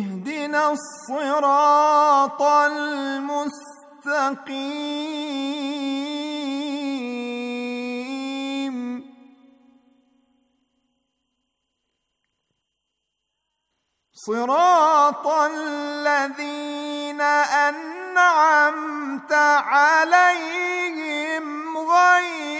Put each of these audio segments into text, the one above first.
اهدنا الصراط المستقيم صراط الذين انعمت عليهم غير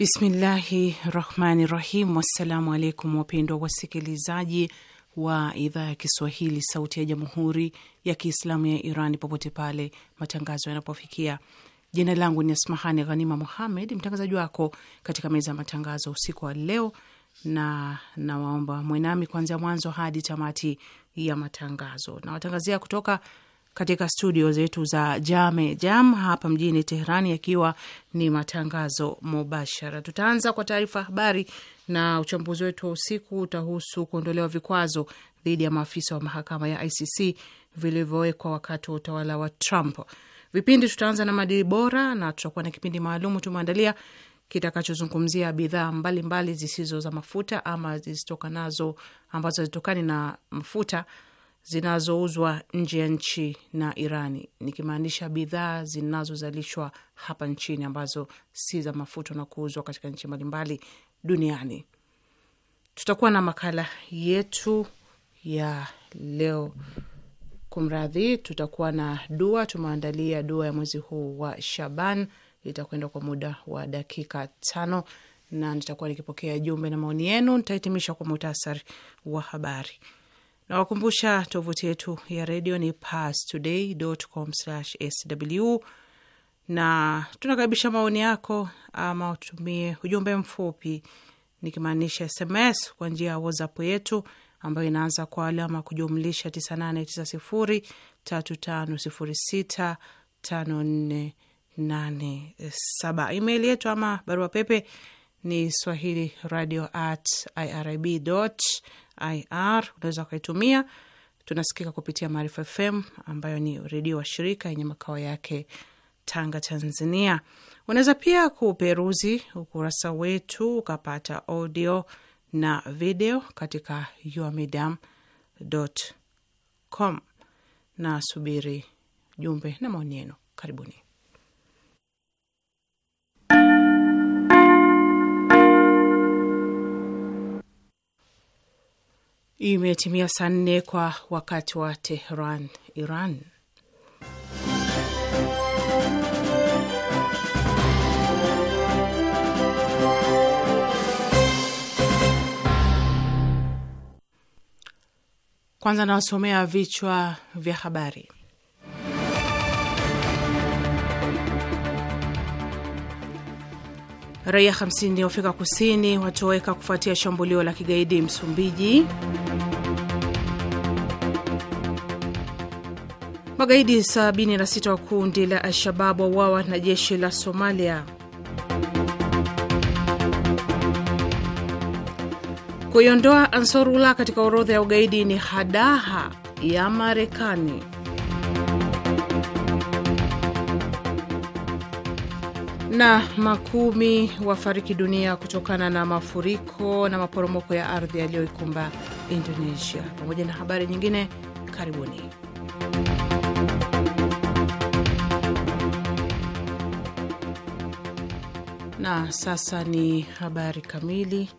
Bismillahi rahmani rahim. Wassalamu alaikum, wapendwa wasikilizaji wa idhaa ya Kiswahili sauti ya jamhuri ya Kiislamu ya Iran popote pale matangazo yanapofikia. Jina langu ni Asmahani Ghanima Muhammed, mtangazaji wako katika meza ya matangazo usiku wa leo, na nawaomba mwenami kuanzia mwanzo hadi tamati ya matangazo. Nawatangazia kutoka katika studio zetu za Jame Jam hapa mjini Teherani, yakiwa ni matangazo mubashara. Tutaanza kwa taarifa habari na uchambuzi wetu wa usiku utahusu kuondolewa vikwazo dhidi ya maafisa wa mahakama ya ICC vilivyowekwa wakati wa utawala wa Trump. Vipindi tutaanza na maadili bora na tutakuwa na kipindi maalum tumeandalia kitakachozungumzia bidhaa mbalimbali zisizo za mafuta ama zisitokanazo ambazo hazitokani na mafuta zinazouzwa nje ya nchi na Irani, nikimaanisha bidhaa zinazozalishwa hapa nchini ambazo si za mafuta na kuuzwa katika nchi mbalimbali duniani. Tutakuwa na makala yetu ya leo, kumradhi, tutakuwa na dua. Tumeandalia dua ya mwezi huu wa Shaban, itakwenda kwa muda wa dakika tano na nitakuwa nikipokea jumbe na maoni yenu. Nitahitimisha kwa muhtasari wa habari. Nawakumbusha tovuti yetu ya redio ni pastoday.com/sw, na tunakaribisha maoni yako, ama utumie ujumbe mfupi nikimaanisha SMS kwa njia ya WhatsApp yetu ambayo inaanza kwa alama kujumlisha 989035065487. Email yetu ama barua pepe ni swahili radio at irib ir unaweza ukaitumia. Tunasikika kupitia Maarifa FM ambayo ni redio wa shirika yenye makao yake Tanga, Tanzania. Unaweza pia kuperuzi ukurasa wetu ukapata audio na video katika yourmedium.com. Na subiri jumbe na maoni yenu. Karibuni. Imetimia saa nne kwa wakati wa Tehran, Iran. Kwanza nawasomea vichwa vya habari. Raia 50 Afrika Kusini watoweka kufuatia shambulio la kigaidi Msumbiji. Magaidi 76 wa kundi la Al-Shabab wauawa na jeshi la Somalia. Kuiondoa Ansarullah katika orodha ya ugaidi ni hadaha ya Marekani. na makumi wafariki dunia kutokana na mafuriko na maporomoko ya ardhi yaliyoikumba Indonesia, pamoja na habari nyingine. Karibuni. Na sasa ni habari kamili.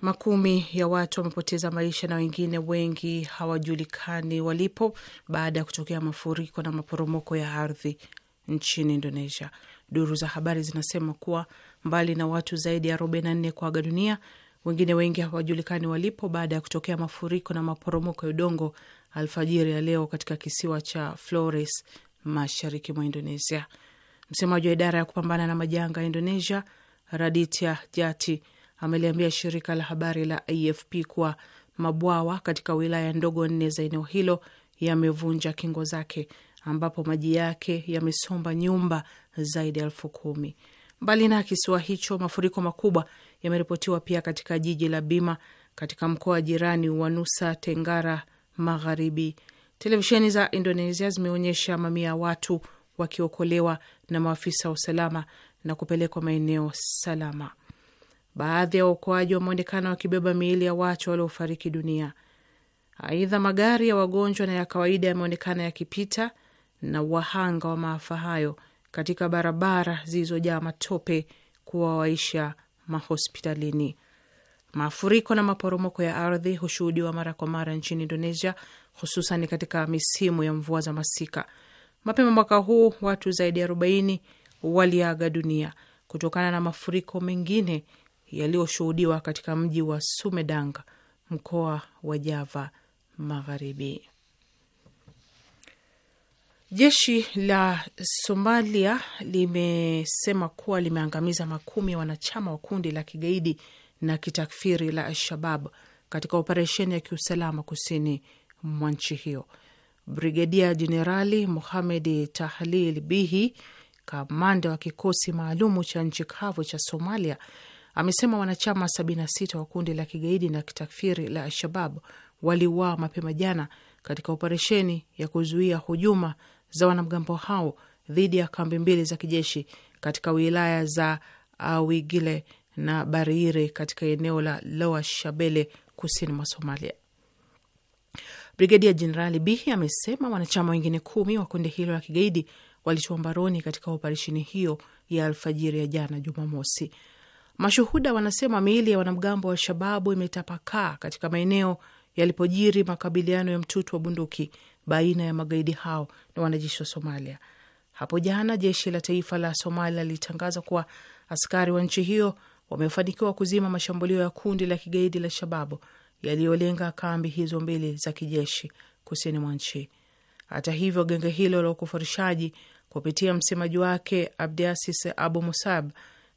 Makumi ya watu wamepoteza maisha na wengine wengi hawajulikani walipo baada ya kutokea mafuriko na maporomoko ya ardhi nchini Indonesia. Duru za habari zinasema kuwa mbali na watu zaidi ya 44 kuaga dunia, wengine wengi hawajulikani walipo baada ya kutokea mafuriko na maporomoko ya udongo alfajiri ya leo katika kisiwa cha Flores, mashariki mwa Indonesia. Msemaji wa idara ya kupambana na majanga ya Indonesia, Raditya Jati, ameliambia shirika la habari la AFP kuwa mabwawa katika wilaya ndogo nne za eneo hilo yamevunja kingo zake, ambapo maji yake yamesomba nyumba zaidi ya elfu kumi. Mbali na kisiwa hicho, mafuriko makubwa yameripotiwa pia katika jiji la Bima katika mkoa jirani wa Nusa Tenggara Magharibi. Televisheni za Indonesia zimeonyesha mamia ya watu wakiokolewa na maafisa wa usalama na kupelekwa maeneo salama. Baadhi ya waokoaji wameonekana wakibeba miili ya watu waliofariki dunia. Aidha, magari ya wagonjwa na ya kawaida yameonekana yakipita na wahanga wa maafa hayo katika barabara zilizojaa matope kuwawaisha mahospitalini. Mafuriko na maporomoko ya ardhi hushuhudiwa mara kwa mara nchini Indonesia, hususan katika misimu ya mvua za masika. Mapema mwaka huu watu zaidi ya arobaini waliaga dunia kutokana na mafuriko mengine yaliyoshuhudiwa katika mji wa Sumedang, mkoa wa Java Magharibi. Jeshi la Somalia limesema kuwa limeangamiza makumi ya wanachama wa kundi la kigaidi na kitakfiri la Alshabab katika operesheni ya kiusalama kusini mwa nchi hiyo. Brigedia Jenerali muhamed Tahlil Bihi, kamanda wa kikosi maalumu cha nchi kavu cha Somalia, amesema wanachama 76 wa kundi la kigaidi na kitakfiri la Alshabab waliuawa mapema jana katika operesheni ya kuzuia hujuma za wanamgambo hao dhidi ya kambi mbili za kijeshi katika wilaya za Awigile na Bariire katika eneo la Lower Shabele kusini mwa Somalia. Brigedia Jenerali Bihi amesema wanachama wengine kumi wa kundi hilo la kigaidi walitua mbaroni katika operesheni hiyo ya alfajiri ya jana Jumamosi. Mashuhuda wanasema miili ya wanamgambo wa Shababu imetapakaa katika maeneo yalipojiri makabiliano ya mtutu wa bunduki baina ya magaidi hao na wanajeshi wa Somalia. Hapo jana jeshi la taifa la Somalia lilitangaza kuwa askari wa nchi hiyo wamefanikiwa kuzima mashambulio ya kundi la kigaidi la Shababu yaliyolenga kambi hizo mbili za kijeshi kusini mwa nchi. Hata hivyo, genge hilo la ukufurishaji kupitia msemaji wake Abdiasis Abu Musab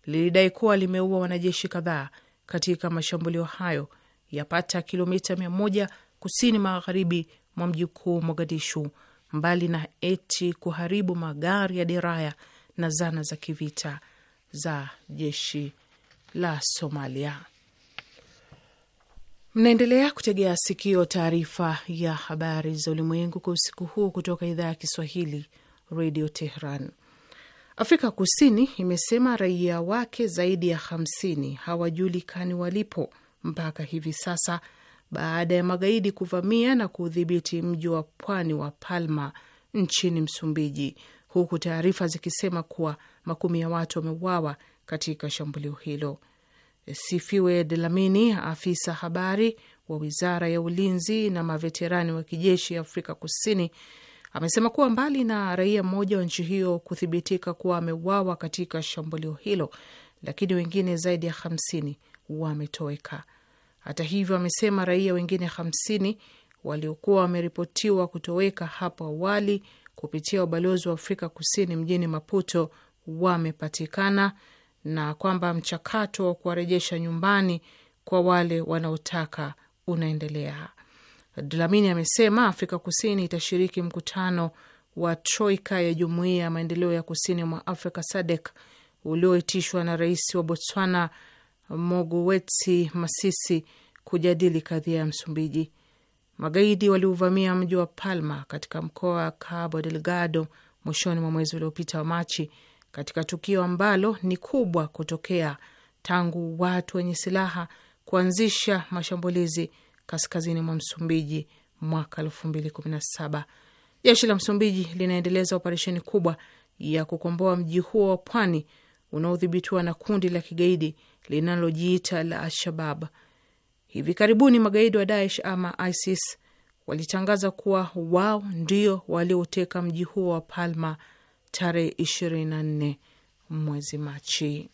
lilidai kuwa limeua wanajeshi kadhaa katika mashambulio hayo yapata kilomita mia moja kusini magharibi mwa mji mkuu Mogadishu, mbali na eti kuharibu magari ya deraya na zana za kivita za jeshi la Somalia. Mnaendelea kutegea sikio taarifa ya habari za ulimwengu kwa usiku huu kutoka idhaa ya Kiswahili, Radio Tehran. Afrika Kusini imesema raia wake zaidi ya hamsini hawajulikani walipo mpaka hivi sasa baada ya magaidi kuvamia na kuudhibiti mji wa pwani wa Palma nchini Msumbiji, huku taarifa zikisema kuwa makumi ya watu wameuawa katika shambulio hilo. Sifiwe Dlamini, afisa habari wa wizara ya ulinzi na maveterani wa kijeshi Afrika Kusini, amesema kuwa mbali na raia mmoja wa nchi hiyo kuthibitika kuwa ameuawa katika shambulio hilo, lakini wengine zaidi ya hamsini wametoweka. Hata hivyo, amesema raia wengine hamsini waliokuwa wameripotiwa kutoweka hapo awali kupitia ubalozi wa Afrika Kusini mjini Maputo wamepatikana na kwamba mchakato wa kuwarejesha nyumbani kwa wale wanaotaka unaendelea. Dlamini amesema Afrika Kusini itashiriki mkutano wa troika ya Jumuiya ya Maendeleo ya Kusini mwa Afrika SADC ulioitishwa na rais wa Botswana Mogowetsi Masisi kujadili kadhia ya Msumbiji. Magaidi waliuvamia mji wa Palma katika mkoa wa Cabo Delgado mwishoni mwa mwezi uliopita wa Machi, katika tukio ambalo ni kubwa kutokea tangu watu wenye silaha kuanzisha mashambulizi kaskazini mwa Msumbiji mwaka elfu mbili kumi na saba. Jeshi la Msumbiji linaendeleza operesheni kubwa ya kukomboa mji huo wa pwani unaodhibitiwa na kundi la kigaidi linalojiita la Alshabab. Hivi karibuni magaidi wa Daesh ama ISIS walitangaza kuwa wao ndio walioteka mji huo wa Palma tarehe 24 mwezi Machi.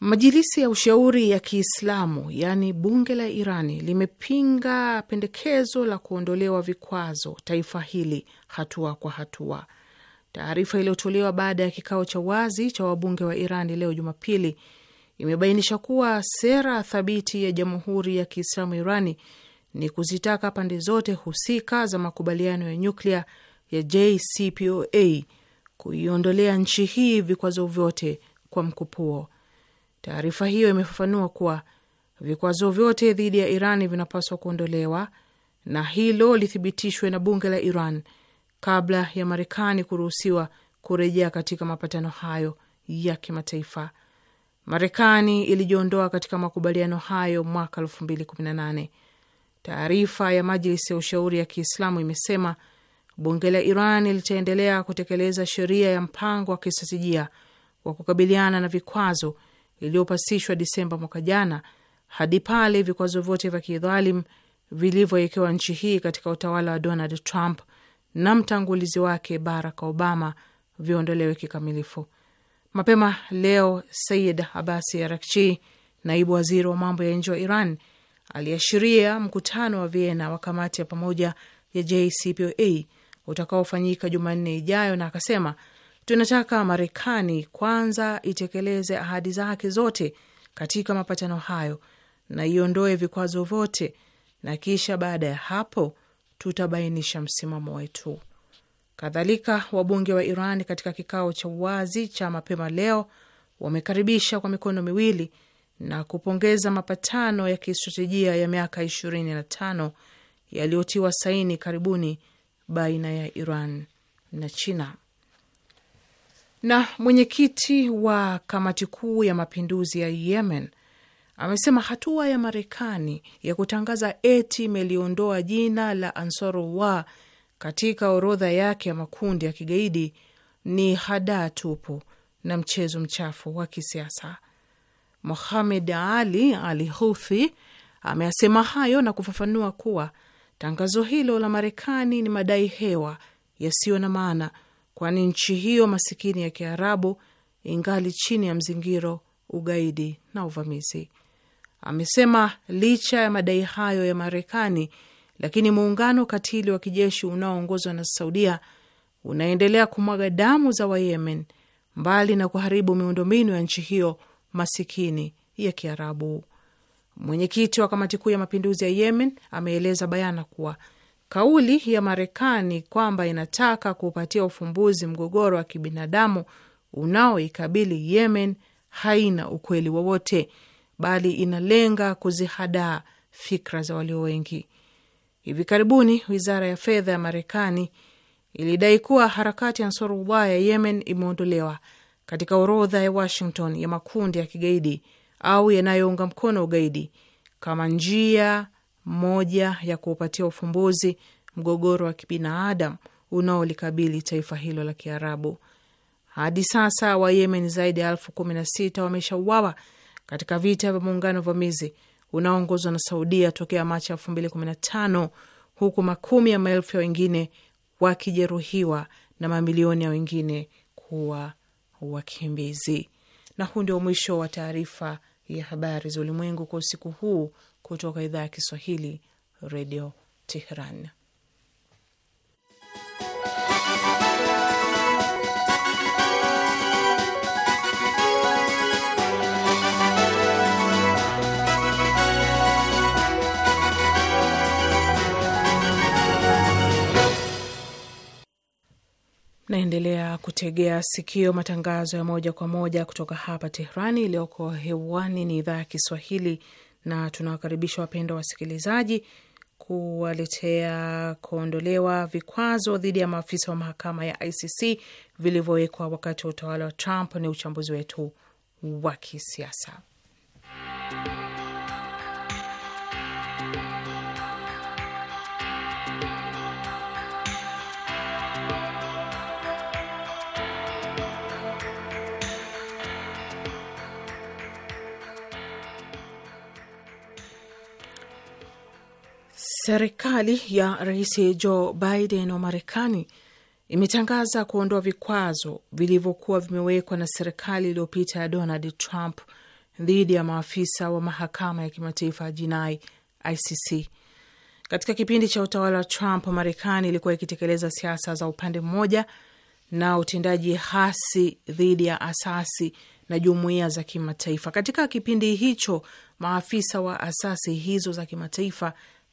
Majilisi ya ushauri ya Kiislamu yaani bunge la Irani limepinga pendekezo la kuondolewa vikwazo taifa hili hatua kwa hatua. Taarifa iliyotolewa baada ya kikao cha wazi cha wabunge wa Iran leo Jumapili imebainisha kuwa sera thabiti ya Jamhuri ya Kiislamu Irani ni kuzitaka pande zote husika za makubaliano ya nyuklia ya JCPOA kuiondolea nchi hii vikwazo vyote kwa mkupuo. Taarifa hiyo imefafanua kuwa vikwazo vyote dhidi ya Iran vinapaswa kuondolewa na hilo lithibitishwe na bunge la Iran kabla ya Marekani kuruhusiwa kurejea katika mapatano hayo ya kimataifa. Marekani ilijiondoa katika makubaliano hayo mwaka nane. Taarifa ya Majlisi ya Ushauri ya Kiislamu imesema bunge la Iran litaendelea kutekeleza sheria ya mpango wa kistratejia wa kukabiliana na vikwazo iliyopasishwa Disemba mwaka jana hadi pale vikwazo vyote vya kidhalim vilivyowekewa nchi hii katika utawala wa Donald Trump na mtangulizi wake Barack Obama viondolewe kikamilifu. Mapema leo Sayid Abasi Arakchi, naibu waziri wa mambo ya nje wa Iran, aliashiria mkutano wa Vienna wa kamati ya pamoja ya JCPOA utakaofanyika Jumanne ijayo na akasema, tunataka Marekani kwanza itekeleze ahadi zake zote katika mapatano hayo na iondoe vikwazo vyote, na kisha baada ya hapo tutabainisha msimamo wetu. Kadhalika, wabunge wa Iran katika kikao cha uwazi cha mapema leo wamekaribisha kwa mikono miwili na kupongeza mapatano ya kistratejia ya miaka ishirini na tano yaliyotiwa saini karibuni baina ya Iran na China. Na mwenyekiti wa kamati kuu ya mapinduzi ya Yemen amesema hatua ya Marekani ya kutangaza eti imeliondoa jina la Ansarullah katika orodha yake ya makundi ya kigaidi ni hadaa tupu na mchezo mchafu wa kisiasa. Mohamed Ali Ali Houthi ameasema hayo na kufafanua kuwa tangazo hilo la Marekani ni madai hewa yasiyo na maana, kwani nchi hiyo masikini ya Kiarabu ingali chini ya mzingiro, ugaidi na uvamizi amesema licha ya madai hayo ya Marekani, lakini muungano katili wa kijeshi unaoongozwa na Saudia unaendelea kumwaga damu za Wayemen, mbali na kuharibu miundombinu ya nchi hiyo masikini ya Kiarabu. Mwenyekiti wa kamati kuu ya mapinduzi ya Yemen ameeleza bayana kuwa kauli ya Marekani kwamba inataka kuupatia ufumbuzi mgogoro wa kibinadamu unaoikabili Yemen haina ukweli wowote bali inalenga kuzihadaa fikra za walio wengi. Hivi karibuni wizara ya fedha ya Marekani ilidai kuwa harakati ya Ansarullah ya Yemen imeondolewa katika orodha ya Washington ya makundi ya kigaidi au yanayounga mkono ugaidi kama njia moja ya kuupatia ufumbuzi mgogoro wa kibinadamu unaolikabili taifa hilo la Kiarabu. Hadi sasa Wayemen zaidi ya elfu kumi na sita wameshauawa katika vita vya muungano vamizi unaoongozwa na Saudia tokea Machi elfu mbili kumi na tano huku makumi ya maelfu ya wengine wakijeruhiwa na mamilioni ya wengine kuwa wakimbizi. Na huu ndio mwisho wa taarifa ya habari za ulimwengu kwa usiku huu kutoka idhaa ya Kiswahili, Redio Tehran. Naendelea kutegea sikio matangazo ya moja kwa moja kutoka hapa Tehrani. Iliyoko hewani ni idhaa ya Kiswahili, na tunawakaribisha wapendwa wasikilizaji kuwaletea kuondolewa vikwazo dhidi ya maafisa wa mahakama ya ICC vilivyowekwa wakati wa utawala wa Trump. Ni uchambuzi wetu wa kisiasa Serikali ya Rais Joe Biden wa Marekani imetangaza kuondoa vikwazo vilivyokuwa vimewekwa na serikali iliyopita ya Donald Trump dhidi ya maafisa wa mahakama ya kimataifa ya jinai ICC. Katika kipindi cha utawala wa Trump, Marekani ilikuwa ikitekeleza siasa za upande mmoja na utendaji hasi dhidi ya asasi na jumuiya za kimataifa. Katika kipindi hicho, maafisa wa asasi hizo za kimataifa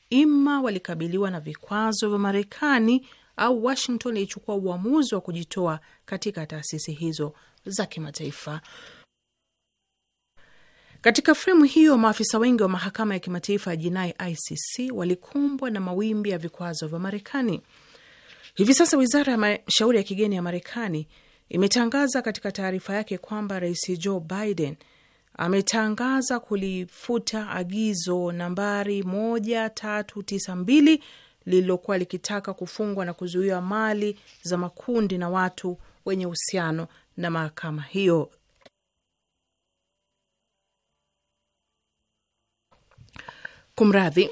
ima walikabiliwa na vikwazo vya Marekani au Washington ilichukua uamuzi wa kujitoa katika taasisi hizo za kimataifa. Katika fremu hiyo, maafisa wengi wa mahakama ya kimataifa ya jinai ICC walikumbwa na mawimbi ya vikwazo vya Marekani. Hivi sasa wizara ya mashauri ya kigeni ya Marekani imetangaza katika taarifa yake kwamba Rais Joe Biden ametangaza kulifuta agizo nambari 1392 lililokuwa likitaka kufungwa na kuzuiwa mali za makundi na watu wenye uhusiano na mahakama hiyo. Kumradhi,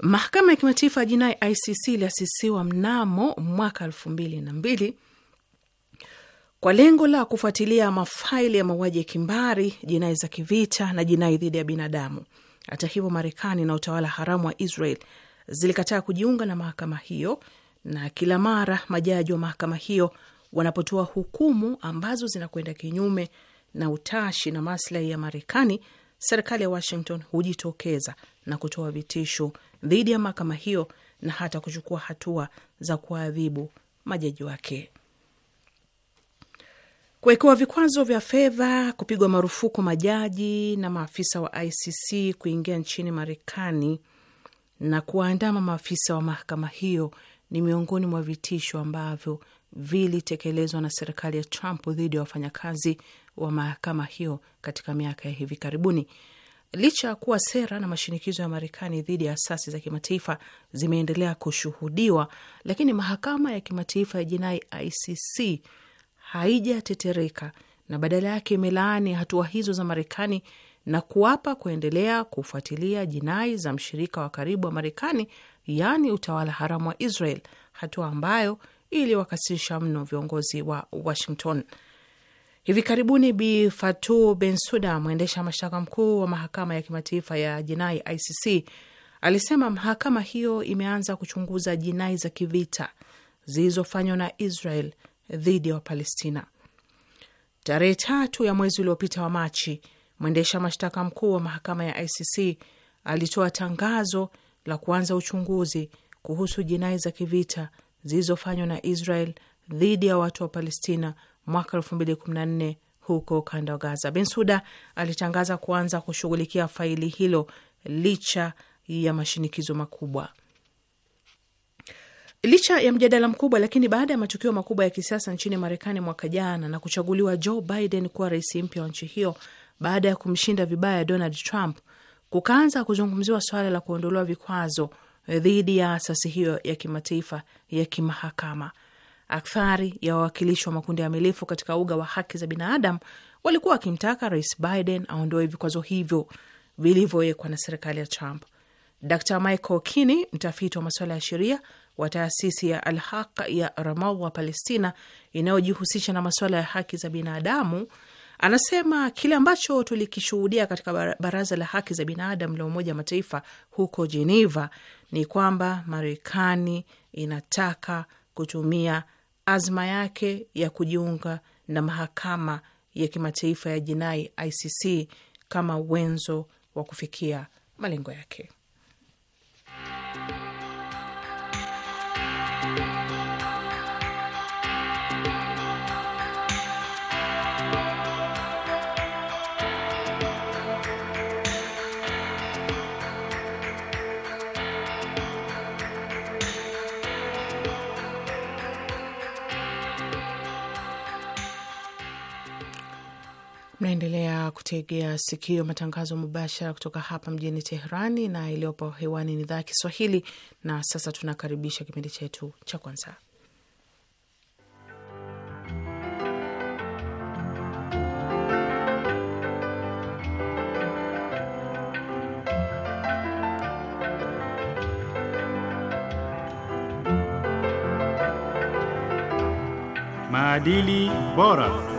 mahakama ya kimataifa ya jinai ICC iliasisiwa mnamo mwaka elfu mbili na mbili kwa lengo la kufuatilia mafaili ya mauaji ya kimbari, jinai za kivita na jinai dhidi ya binadamu. Hata hivyo, Marekani na utawala haramu wa Israel zilikataa kujiunga na mahakama hiyo, na kila mara majaji wa mahakama hiyo wanapotoa hukumu ambazo zinakwenda kinyume na utashi na maslahi ya Marekani, serikali ya Washington hujitokeza na kutoa vitisho dhidi ya mahakama hiyo na hata kuchukua hatua za kuadhibu majaji wake kuwekewa vikwazo vya fedha, kupigwa marufuku majaji na maafisa wa ICC kuingia nchini Marekani na kuwaandama maafisa wa mahakama hiyo ni miongoni mwa vitisho ambavyo vilitekelezwa na serikali ya Trump dhidi ya wafanyakazi wa mahakama hiyo katika miaka ya hivi karibuni. Licha ya kuwa sera na mashinikizo ya Marekani dhidi ya asasi za kimataifa zimeendelea kushuhudiwa, lakini mahakama ya kimataifa ya jinai ICC haijatetereka na badala yake imelaani hatua hizo za Marekani na kuapa kuendelea kufuatilia jinai za mshirika wa karibu wa Marekani, yaani utawala haramu wa Israel, hatua ambayo iliwakasirisha mno viongozi wa Washington. Hivi karibuni Bi ben suda mwendesha mashtaka mkuu wa mahakama ya kimataifa ya jinai ICC, alisema mahakama hiyo imeanza kuchunguza jinai za kivita zilizofanywa na Israel dhidi ya Wapalestina. Tarehe tatu ya mwezi uliopita wa Machi, mwendesha mashtaka mkuu wa mahakama ya ICC alitoa tangazo la kuanza uchunguzi kuhusu jinai za kivita zilizofanywa na Israel dhidi ya watu wa Palestina mwaka 2014 huko ukanda wa Gaza. Bensuda alitangaza kuanza kushughulikia faili hilo licha ya mashinikizo makubwa. Licha ya mjadala mkubwa lakini baada ya matukio makubwa ya kisiasa nchini Marekani mwaka jana na kuchaguliwa Joe Biden kuwa rais mpya wa nchi hiyo baada ya kumshinda vibaya Donald Trump, kukaanza kuzungumziwa swala la kuondolewa vikwazo eh, dhidi ya asasi hiyo ya kimataifa ya kimahakama. Akthari ya wawakilishi wa makundi ya milifu katika uga wa haki za binadamu walikuwa wakimtaka rais Biden aondoe vikwazo hivyo vilivyowekwa na serikali ya Trump. Dr Michael Kinney, mtafiti wa masuala ya sheria wa taasisi ya Alhaq ya Ramawa, Palestina, inayojihusisha na masuala ya haki za binadamu anasema kile ambacho tulikishuhudia katika baraza la haki za binadamu la Umoja wa Mataifa huko Geneva ni kwamba Marekani inataka kutumia azma yake ya kujiunga na mahakama ya kimataifa ya jinai ICC kama wenzo wa kufikia malengo yake. Mwaendelea kutegea sikio matangazo mubashara kutoka hapa mjini Teherani, na iliyopo hewani ni idhaa ya Kiswahili. Na sasa tunakaribisha kipindi chetu cha kwanza, maadili bora.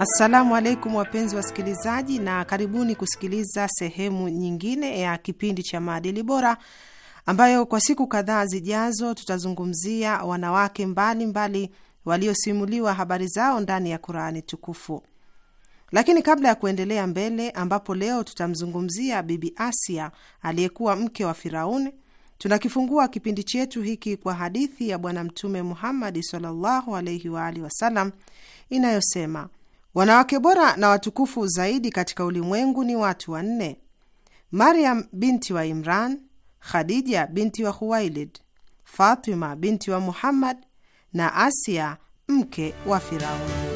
Assalamu alaikum wapenzi wasikilizaji, na karibuni kusikiliza sehemu nyingine ya kipindi cha maadili bora, ambayo kwa siku kadhaa zijazo tutazungumzia wanawake mbalimbali waliosimuliwa habari zao ndani ya Qurani Tukufu. Lakini kabla ya kuendelea mbele, ambapo leo tutamzungumzia Bibi Asia aliyekuwa mke wa Firauni, tunakifungua kipindi chetu hiki kwa hadithi ya Bwana Mtume Muhammadi sallallahu alaihi waalihi wasalam inayosema Wanawake bora na watukufu zaidi katika ulimwengu ni watu wanne: mariam binti wa Imran, Khadija binti wa Khuwailid, Fatima binti wa Muhammad na Asia mke wa Firauni.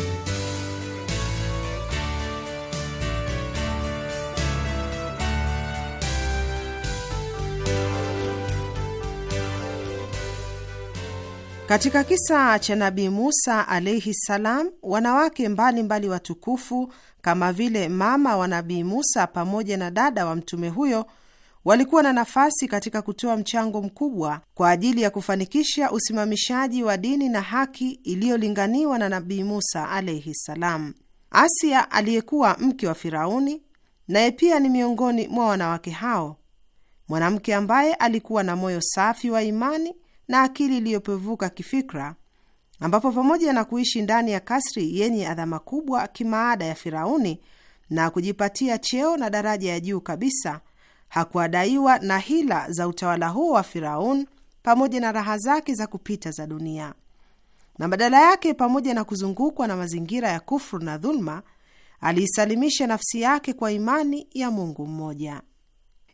Katika kisa cha Nabii Musa alaihi salam, wanawake mbalimbali mbali watukufu kama vile mama wa Nabii Musa pamoja na dada wa mtume huyo walikuwa na nafasi katika kutoa mchango mkubwa kwa ajili ya kufanikisha usimamishaji wa dini na haki iliyolinganiwa na Nabii Musa alaihi salam. Asia aliyekuwa mke wa Firauni naye pia ni miongoni mwa wanawake hao, mwanamke ambaye alikuwa na moyo safi wa imani na akili iliyopevuka kifikra, ambapo pamoja na kuishi ndani ya kasri yenye adhama kubwa kimaada ya Firauni na kujipatia cheo na daraja ya juu kabisa, hakuadaiwa na hila za utawala huo wa Firaun pamoja na raha zake za kupita za dunia, na badala yake, pamoja na kuzungukwa na mazingira ya kufru na dhuluma, aliisalimisha nafsi yake kwa imani ya Mungu mmoja.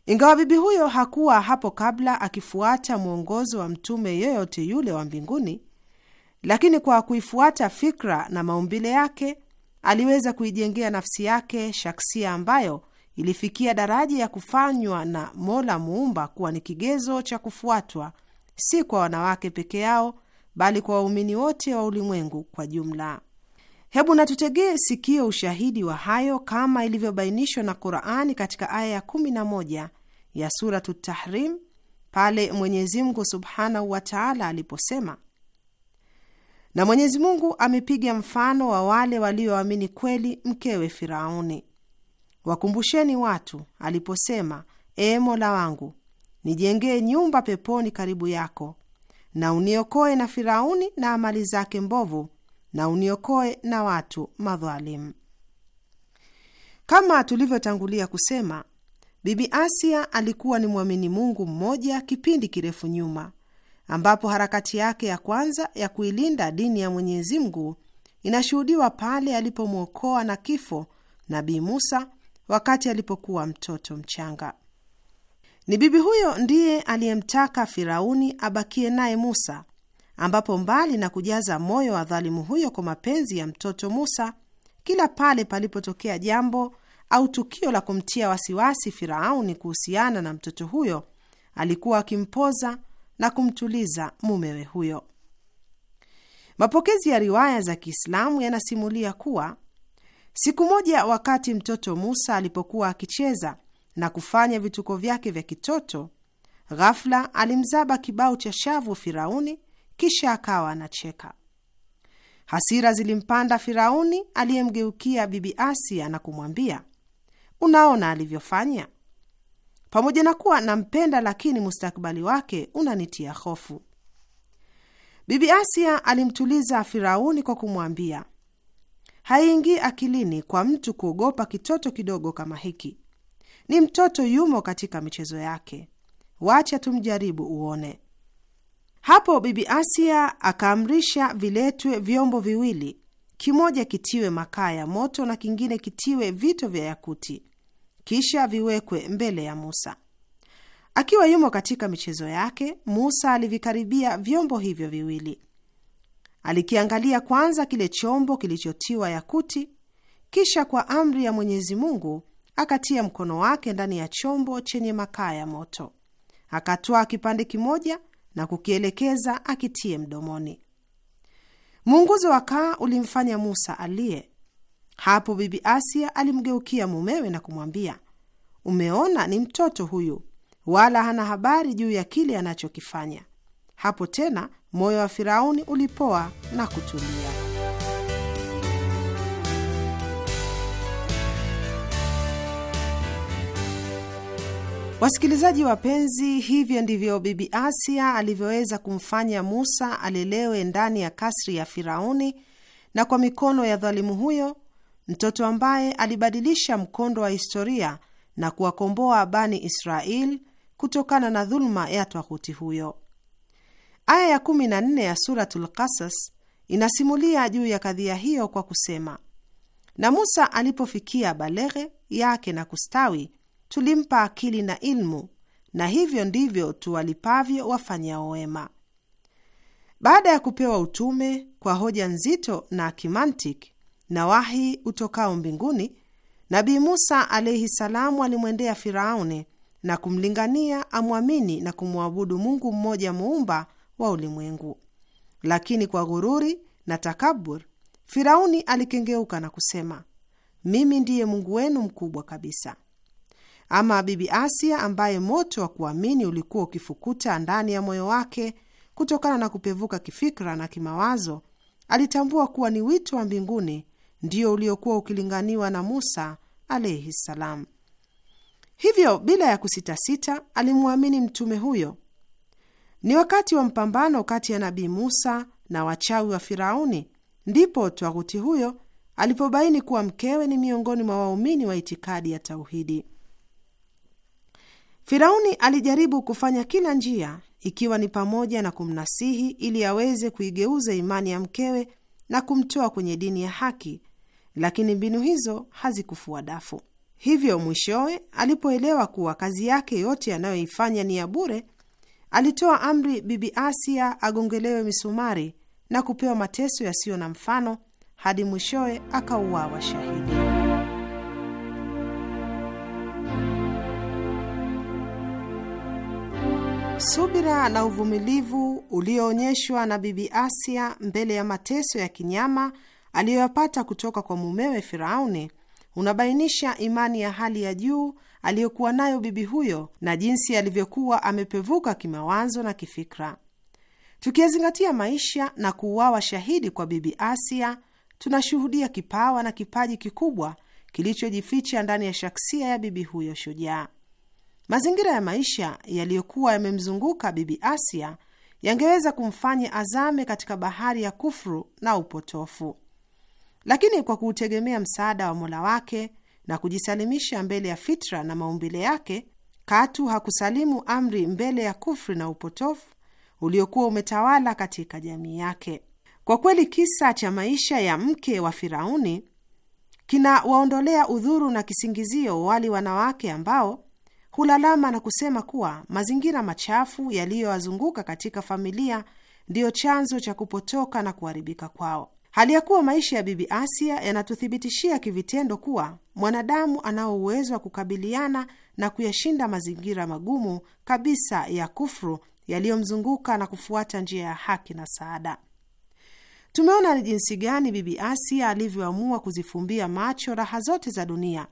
Ingawa bibi huyo hakuwa hapo kabla akifuata mwongozo wa mtume yoyote yule wa mbinguni, lakini kwa kuifuata fikra na maumbile yake aliweza kuijengea nafsi yake shaksia ambayo ilifikia daraja ya kufanywa na Mola Muumba kuwa ni kigezo cha kufuatwa, si kwa wanawake peke yao, bali kwa waumini wote wa ulimwengu kwa jumla. Hebu natutegee sikio ushahidi wa hayo kama ilivyobainishwa na Qur'ani katika aya ya 11 ya Suratu Tahrim pale Mwenyezi Mungu subhanahu wa taala aliposema, na Mwenyezi Mungu amepiga mfano wa wale walioamini kweli mkewe Firauni, wakumbusheni watu aliposema, Ee Mola wangu, nijengee nyumba peponi karibu yako, na uniokoe na Firauni na amali zake mbovu, na uniokoe na watu madhalimu. Kama tulivyotangulia kusema Bibi Asia alikuwa ni mwamini Mungu mmoja kipindi kirefu nyuma, ambapo harakati yake ya kwanza ya kuilinda dini ya Mwenyezi Mungu inashuhudiwa pale alipomwokoa na kifo Nabii Musa wakati alipokuwa mtoto mchanga. Ni bibi huyo ndiye aliyemtaka Firauni abakie naye Musa, ambapo mbali na kujaza moyo wa dhalimu huyo kwa mapenzi ya mtoto Musa, kila pale palipotokea jambo au tukio la kumtia wasiwasi Firauni kuhusiana na mtoto huyo, alikuwa akimpoza na kumtuliza mumewe huyo. Mapokezi ya riwaya za Kiislamu yanasimulia kuwa siku moja, wakati mtoto Musa alipokuwa akicheza na kufanya vituko vyake vya kitoto, ghafla alimzaba kibao cha shavu Firauni, kisha akawa anacheka. Hasira zilimpanda Firauni, aliyemgeukia Bibi Asia na kumwambia, Unaona alivyofanya? Pamoja na kuwa nampenda, lakini mustakbali wake unanitia hofu. Bibi Asia alimtuliza Firauni kwa kumwambia, haingii akilini kwa mtu kuogopa kitoto kidogo kama hiki. Ni mtoto, yumo katika michezo yake, wacha tumjaribu uone. Hapo Bibi Asia akaamrisha viletwe vyombo viwili, kimoja kitiwe makaa ya moto na kingine kitiwe vito vya yakuti kisha viwekwe mbele ya Musa. Akiwa yumo katika michezo yake, Musa alivikaribia vyombo hivyo viwili. Alikiangalia kwanza kile chombo kilichotiwa yakuti, kisha kwa amri ya Mwenyezi Mungu akatia mkono wake ndani ya chombo chenye makaa ya moto, akatwaa kipande kimoja na kukielekeza akitie mdomoni. Muunguzo wa kaa ulimfanya Musa aliye hapo Bibi Asia alimgeukia mumewe na kumwambia, umeona ni mtoto huyu, wala hana habari juu ya kile anachokifanya. Hapo tena moyo wa Firauni ulipoa na kutulia. Wasikilizaji wapenzi, hivyo ndivyo Bibi Asia alivyoweza kumfanya Musa alelewe ndani ya kasri ya Firauni, na kwa mikono ya dhalimu huyo mtoto ambaye alibadilisha mkondo wa historia na kuwakomboa Bani Israel kutokana na dhuluma ya twahuti huyo. Aya ya 14 ya Suratul Kasas inasimulia juu ya kadhia hiyo kwa kusema, na Musa alipofikia baleghe yake na kustawi, tulimpa akili na ilmu, na hivyo ndivyo tuwalipavyo wafanyao wema. Baada ya kupewa utume kwa hoja nzito na kimantiki na wahi utokao mbinguni, Nabii Musa alaihi salamu alimwendea Firauni na kumlingania amwamini na kumwabudu Mungu mmoja muumba wa ulimwengu, lakini kwa ghururi na takabur Firauni alikengeuka na kusema, mimi ndiye Mungu wenu mkubwa kabisa. Ama Bibi Asia, ambaye moto wa kuamini ulikuwa ukifukuta ndani ya moyo wake kutokana na kupevuka kifikra na kimawazo, alitambua kuwa ni wito wa mbinguni ndio uliokuwa ukilinganiwa na Musa alaihi ssalam. Hivyo bila ya kusitasita alimwamini mtume huyo. Ni wakati wa mpambano kati ya Nabii Musa na wachawi wa Firauni ndipo twaguti huyo alipobaini kuwa mkewe ni miongoni mwa waumini wa itikadi ya tauhidi. Firauni alijaribu kufanya kila njia, ikiwa ni pamoja na kumnasihi ili aweze kuigeuza imani ya mkewe na kumtoa kwenye dini ya haki, lakini mbinu hizo hazikufua dafu. Hivyo mwishowe, alipoelewa kuwa kazi yake yote anayoifanya ni ya bure, alitoa amri Bibi Asia agongelewe misumari na kupewa mateso yasiyo na mfano hadi mwishowe akauawa shahidi. Subira na uvumilivu ulioonyeshwa na Bibi Asia mbele ya mateso ya kinyama aliyoyapata kutoka kwa mumewe Firauni unabainisha imani ya hali ya juu aliyokuwa nayo bibi huyo na jinsi alivyokuwa amepevuka kimawazo na kifikra. Tukiyazingatia maisha na kuuawa shahidi kwa bibi Asia, tunashuhudia kipawa na kipaji kikubwa kilichojificha ndani ya shaksia ya bibi huyo shujaa. Mazingira ya maisha yaliyokuwa yamemzunguka bibi Asia yangeweza kumfanya azame katika bahari ya kufru na upotofu lakini kwa kuutegemea msaada wa Mola wake na kujisalimisha mbele ya fitra na maumbile yake, katu hakusalimu amri mbele ya kufri na upotofu uliokuwa umetawala katika jamii yake. Kwa kweli kisa cha maisha ya mke wa Firauni kinawaondolea udhuru na kisingizio wali wanawake ambao hulalama na kusema kuwa mazingira machafu yaliyowazunguka katika familia ndiyo chanzo cha kupotoka na kuharibika kwao. Hali ya kuwa maisha ya Bibi Asia yanatuthibitishia kivitendo kuwa mwanadamu anao uwezo wa kukabiliana na kuyashinda mazingira magumu kabisa ya kufru yaliyomzunguka na kufuata njia ya haki na saada. Tumeona ni jinsi gani Bibi Asia alivyoamua kuzifumbia macho raha zote za dunia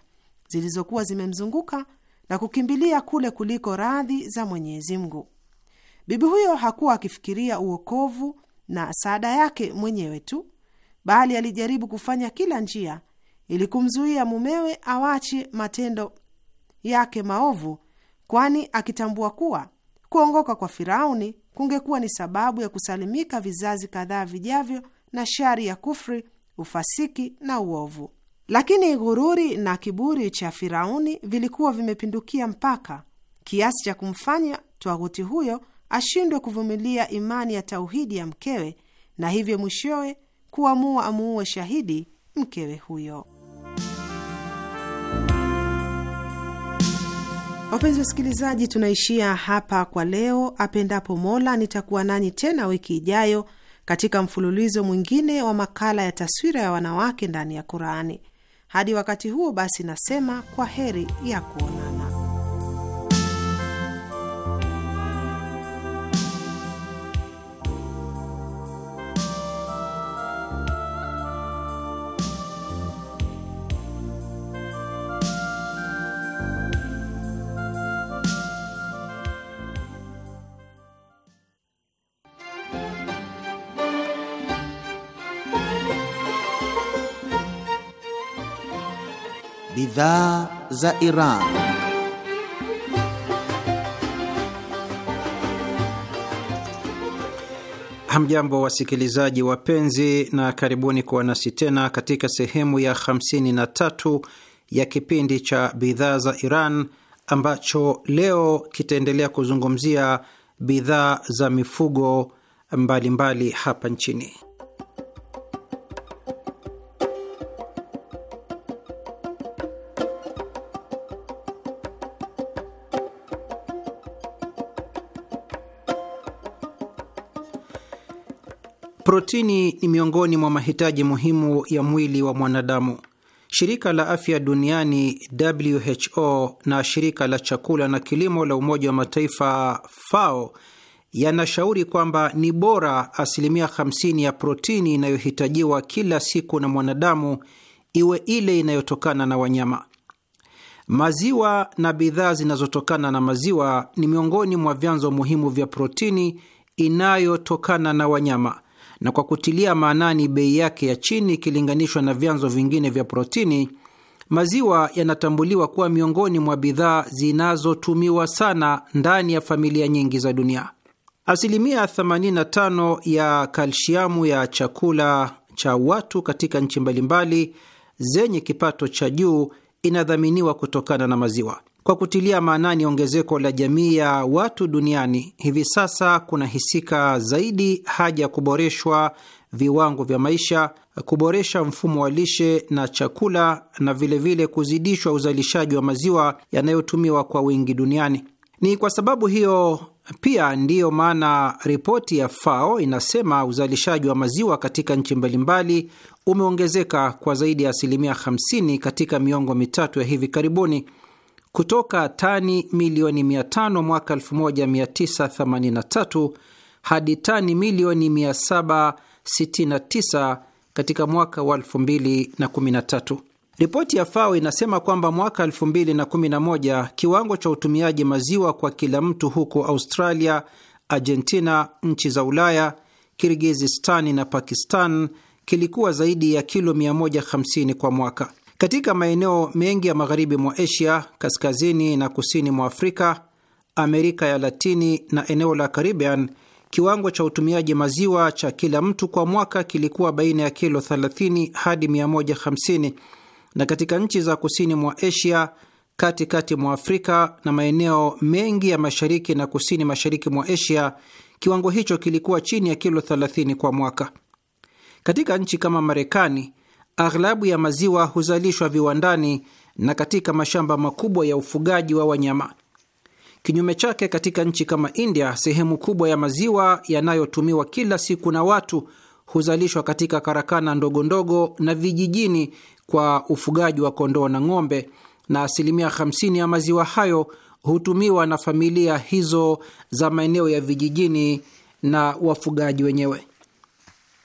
zilizokuwa zimemzunguka na kukimbilia kule kuliko radhi za Mwenyezi Mungu. Bibi huyo hakuwa akifikiria uokovu na saada yake mwenyewe tu, bali alijaribu kufanya kila njia ili kumzuia mumewe awache matendo yake maovu, kwani akitambua kuwa kuongoka kwa Firauni kungekuwa ni sababu ya kusalimika vizazi kadhaa vijavyo na shari ya kufri, ufasiki na uovu. Lakini ghururi na kiburi cha Firauni vilikuwa vimepindukia mpaka kiasi cha kumfanya twaguti huyo ashindwe kuvumilia imani ya tauhidi ya mkewe, na hivyo mwishowe kuamua amuue shahidi mkewe huyo. Wapenzi wasikilizaji, tunaishia hapa kwa leo. Apendapo Mola, nitakuwa nanyi tena wiki ijayo katika mfululizo mwingine wa makala ya taswira ya wanawake ndani ya Qurani. Hadi wakati huo basi, nasema kwa heri ya kuonana. bidhaa za Iran. Hamjambo wasikilizaji wapenzi, na karibuni kuwa nasi tena katika sehemu ya 53 ya kipindi cha bidhaa za Iran ambacho leo kitaendelea kuzungumzia bidhaa za mifugo mbalimbali mbali hapa nchini. Protini ni miongoni mwa mahitaji muhimu ya mwili wa mwanadamu. Shirika la Afya Duniani WHO na shirika la chakula na kilimo la Umoja wa Mataifa FAO yanashauri kwamba ni bora asilimia 50 ya protini inayohitajiwa kila siku na mwanadamu iwe ile inayotokana na wanyama. Maziwa na bidhaa zinazotokana na maziwa ni miongoni mwa vyanzo muhimu vya protini inayotokana na wanyama na kwa kutilia maanani bei yake ya chini ikilinganishwa na vyanzo vingine vya protini, maziwa yanatambuliwa kuwa miongoni mwa bidhaa zinazotumiwa sana ndani ya familia nyingi za dunia. Asilimia 85 ya kalsiamu ya chakula cha watu katika nchi mbalimbali zenye kipato cha juu inadhaminiwa kutokana na maziwa. Kwa kutilia maanani ongezeko la jamii ya watu duniani, hivi sasa kunahisika zaidi haja ya kuboreshwa viwango vya maisha, kuboresha mfumo wa lishe na chakula, na vilevile vile kuzidishwa uzalishaji wa maziwa yanayotumiwa kwa wingi duniani. Ni kwa sababu hiyo pia ndiyo maana ripoti ya FAO inasema uzalishaji wa maziwa katika nchi mbalimbali umeongezeka kwa zaidi ya asilimia 50 katika miongo mitatu ya hivi karibuni kutoka tani milioni 500 mwaka 1983 hadi tani milioni 769 katika mwaka wa 2013. Ripoti ya FAO inasema kwamba mwaka 2011 kiwango cha utumiaji maziwa kwa kila mtu huko Australia, Argentina, nchi za Ulaya, Kirgizistani na Pakistan kilikuwa zaidi ya kilo 150 kwa mwaka. Katika maeneo mengi ya magharibi mwa Asia, kaskazini na kusini mwa Afrika, Amerika ya Latini na eneo la Caribbean, kiwango cha utumiaji maziwa cha kila mtu kwa mwaka kilikuwa baina ya kilo 30 hadi 150, na katika nchi za kusini mwa Asia, katikati mwa Afrika na maeneo mengi ya mashariki na kusini mashariki mwa Asia, kiwango hicho kilikuwa chini ya kilo 30 kwa mwaka. Katika nchi kama Marekani, Aghlabu ya maziwa huzalishwa viwandani na katika mashamba makubwa ya ufugaji wa wanyama. Kinyume chake, katika nchi kama India, sehemu kubwa ya maziwa yanayotumiwa kila siku na watu huzalishwa katika karakana ndogo ndogo na vijijini kwa ufugaji wa kondoo na ng'ombe, na asilimia 50 ya maziwa hayo hutumiwa na familia hizo za maeneo ya vijijini na wafugaji wenyewe.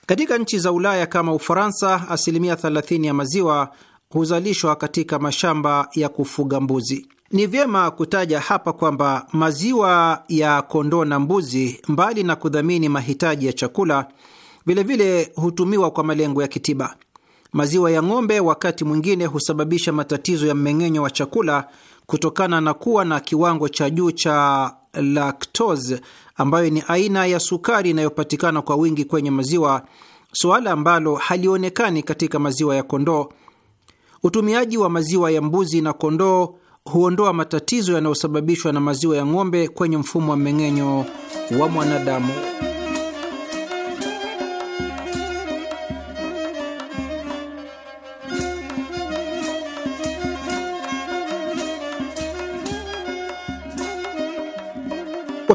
Katika nchi za Ulaya kama Ufaransa, asilimia 30 ya maziwa huzalishwa katika mashamba ya kufuga mbuzi. Ni vyema kutaja hapa kwamba maziwa ya kondoo na mbuzi, mbali na kudhamini mahitaji ya chakula, vilevile hutumiwa kwa malengo ya kitiba. Maziwa ya ng'ombe wakati mwingine husababisha matatizo ya mmeng'enyo wa chakula kutokana na kuwa na kiwango cha juu cha lactose ambayo ni aina ya sukari inayopatikana kwa wingi kwenye maziwa, suala ambalo halionekani katika maziwa ya kondoo. Utumiaji wa maziwa ya mbuzi na kondoo huondoa matatizo yanayosababishwa na maziwa ya ng'ombe kwenye mfumo wa mmeng'enyo wa mwanadamu.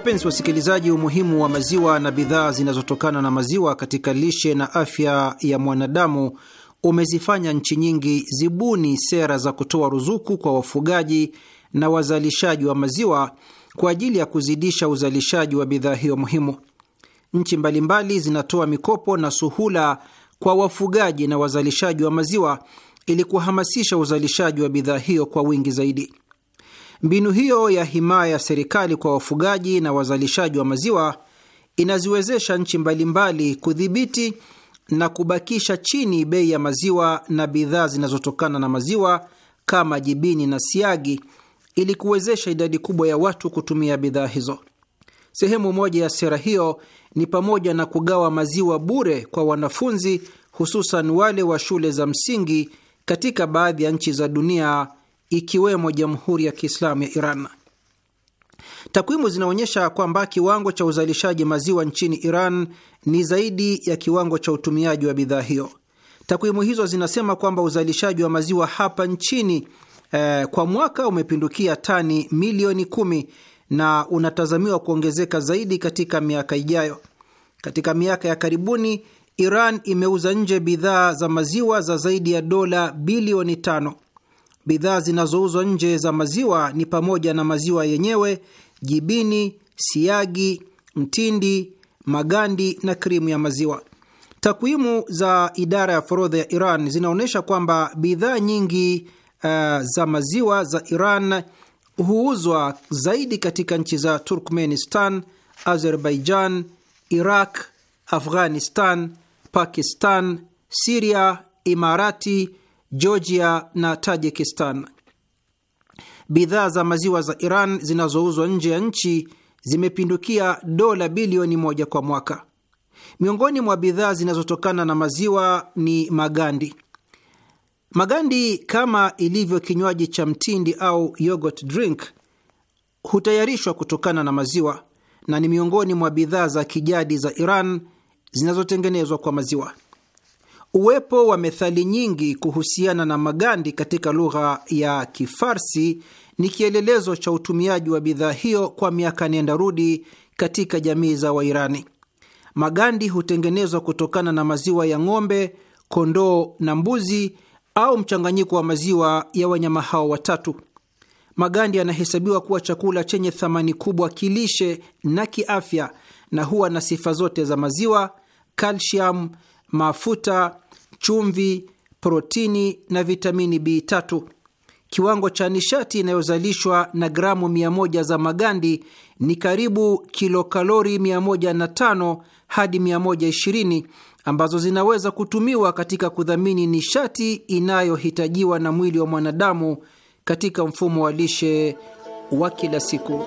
Wapenzi wasikilizaji, umuhimu wa maziwa na bidhaa zinazotokana na maziwa katika lishe na afya ya mwanadamu umezifanya nchi nyingi zibuni sera za kutoa ruzuku kwa wafugaji na wazalishaji wa maziwa kwa ajili ya kuzidisha uzalishaji wa bidhaa hiyo muhimu. Nchi mbalimbali zinatoa mikopo na suhula kwa wafugaji na wazalishaji wa maziwa ili kuhamasisha uzalishaji wa bidhaa hiyo kwa wingi zaidi. Mbinu hiyo ya himaya ya serikali kwa wafugaji na wazalishaji wa maziwa inaziwezesha nchi mbalimbali kudhibiti na kubakisha chini bei ya maziwa na bidhaa zinazotokana na maziwa kama jibini na siagi ili kuwezesha idadi kubwa ya watu kutumia bidhaa hizo. Sehemu moja ya sera hiyo ni pamoja na kugawa maziwa bure kwa wanafunzi, hususan wale wa shule za msingi katika baadhi ya nchi za dunia ikiwemo Jamhuri ya Kiislamu ya Iran. Takwimu zinaonyesha kwamba kiwango cha uzalishaji maziwa nchini Iran ni zaidi ya kiwango cha utumiaji wa bidhaa hiyo. Takwimu hizo zinasema kwamba uzalishaji wa maziwa hapa nchini eh, kwa mwaka umepindukia tani milioni kumi na unatazamiwa kuongezeka zaidi katika miaka ijayo. Katika miaka ya karibuni Iran imeuza nje bidhaa za maziwa za zaidi ya dola bilioni tano. Bidhaa zinazouzwa nje za maziwa ni pamoja na maziwa yenyewe, jibini, siagi, mtindi, magandi na krimu ya maziwa. Takwimu za idara ya forodha ya Iran zinaonyesha kwamba bidhaa nyingi uh, za maziwa za Iran huuzwa zaidi katika nchi za Turkmenistan, Azerbaijan, Iraq, Afghanistan, Pakistan, Siria, Imarati, Georgia na Tajikistan. Bidhaa za maziwa za Iran zinazouzwa nje ya nchi zimepindukia dola bilioni moja kwa mwaka. Miongoni mwa bidhaa zinazotokana na maziwa ni magandi. Magandi, kama ilivyo kinywaji cha mtindi au yogurt drink, hutayarishwa kutokana na maziwa na ni miongoni mwa bidhaa za kijadi za Iran zinazotengenezwa kwa maziwa. Uwepo wa methali nyingi kuhusiana na magandi katika lugha ya Kifarsi ni kielelezo cha utumiaji wa bidhaa hiyo kwa miaka nenda rudi katika jamii za Wairani. Magandi hutengenezwa kutokana na maziwa ya ng'ombe, kondoo na mbuzi au mchanganyiko wa maziwa ya wanyama hao watatu. Magandi yanahesabiwa kuwa chakula chenye thamani kubwa kilishe na kiafya, na huwa na sifa zote za maziwa, kalsiamu, mafuta chumvi, protini na vitamini B3. Kiwango cha nishati inayozalishwa na gramu 100 za magandi ni karibu kilokalori 105 hadi 120 ambazo zinaweza kutumiwa katika kudhamini nishati inayohitajiwa na mwili wa mwanadamu katika mfumo wa lishe wa kila siku.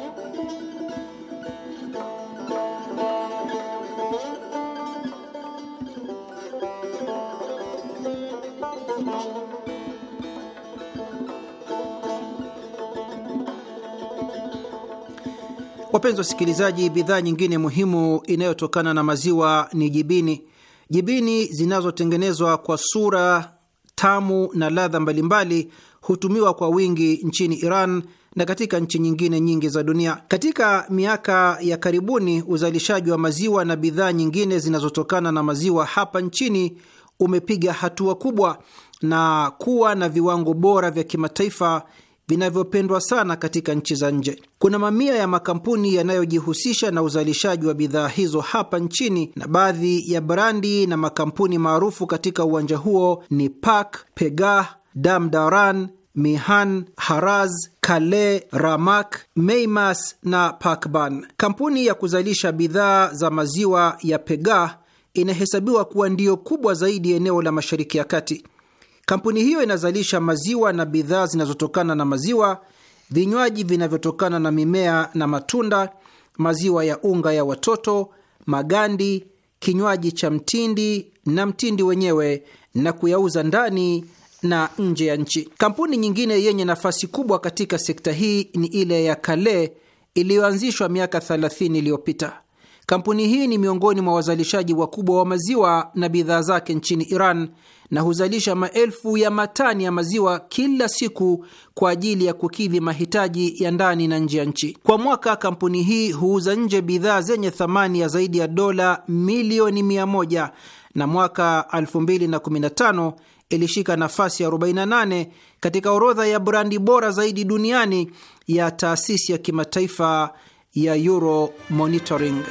Wapenzi wasikilizaji, bidhaa nyingine muhimu inayotokana na maziwa ni jibini. Jibini zinazotengenezwa kwa sura tamu na ladha mbalimbali hutumiwa kwa wingi nchini Iran na katika nchi nyingine nyingi za dunia. Katika miaka ya karibuni, uzalishaji wa maziwa na bidhaa nyingine zinazotokana na maziwa hapa nchini umepiga hatua kubwa na kuwa na viwango bora vya kimataifa vinavyopendwa sana katika nchi za nje. Kuna mamia ya makampuni yanayojihusisha na uzalishaji wa bidhaa hizo hapa nchini, na baadhi ya brandi na makampuni maarufu katika uwanja huo ni Pak, Pegah, Damdaran, Mihan, Haraz, Kale, Ramak, Meimas na Pakban. Kampuni ya kuzalisha bidhaa za maziwa ya Pegah inahesabiwa kuwa ndiyo kubwa zaidi eneo la Mashariki ya Kati. Kampuni hiyo inazalisha maziwa na bidhaa zinazotokana na maziwa, vinywaji vinavyotokana na mimea na matunda, maziwa ya unga ya watoto, magandi, kinywaji cha mtindi na mtindi wenyewe, na kuyauza ndani na nje ya nchi. Kampuni nyingine yenye nafasi kubwa katika sekta hii ni ile ya Kale iliyoanzishwa miaka 30 iliyopita. Kampuni hii ni miongoni mwa wazalishaji wakubwa wa maziwa na bidhaa zake nchini Iran na huzalisha maelfu ya matani ya maziwa kila siku kwa ajili ya kukidhi mahitaji ya ndani na nje ya nchi. Kwa mwaka, kampuni hii huuza nje bidhaa zenye thamani ya zaidi ya dola milioni mia moja na mwaka 2015 ilishika nafasi ya 48 katika orodha ya brandi bora zaidi duniani ya taasisi ya kimataifa ya Euro Monitoring.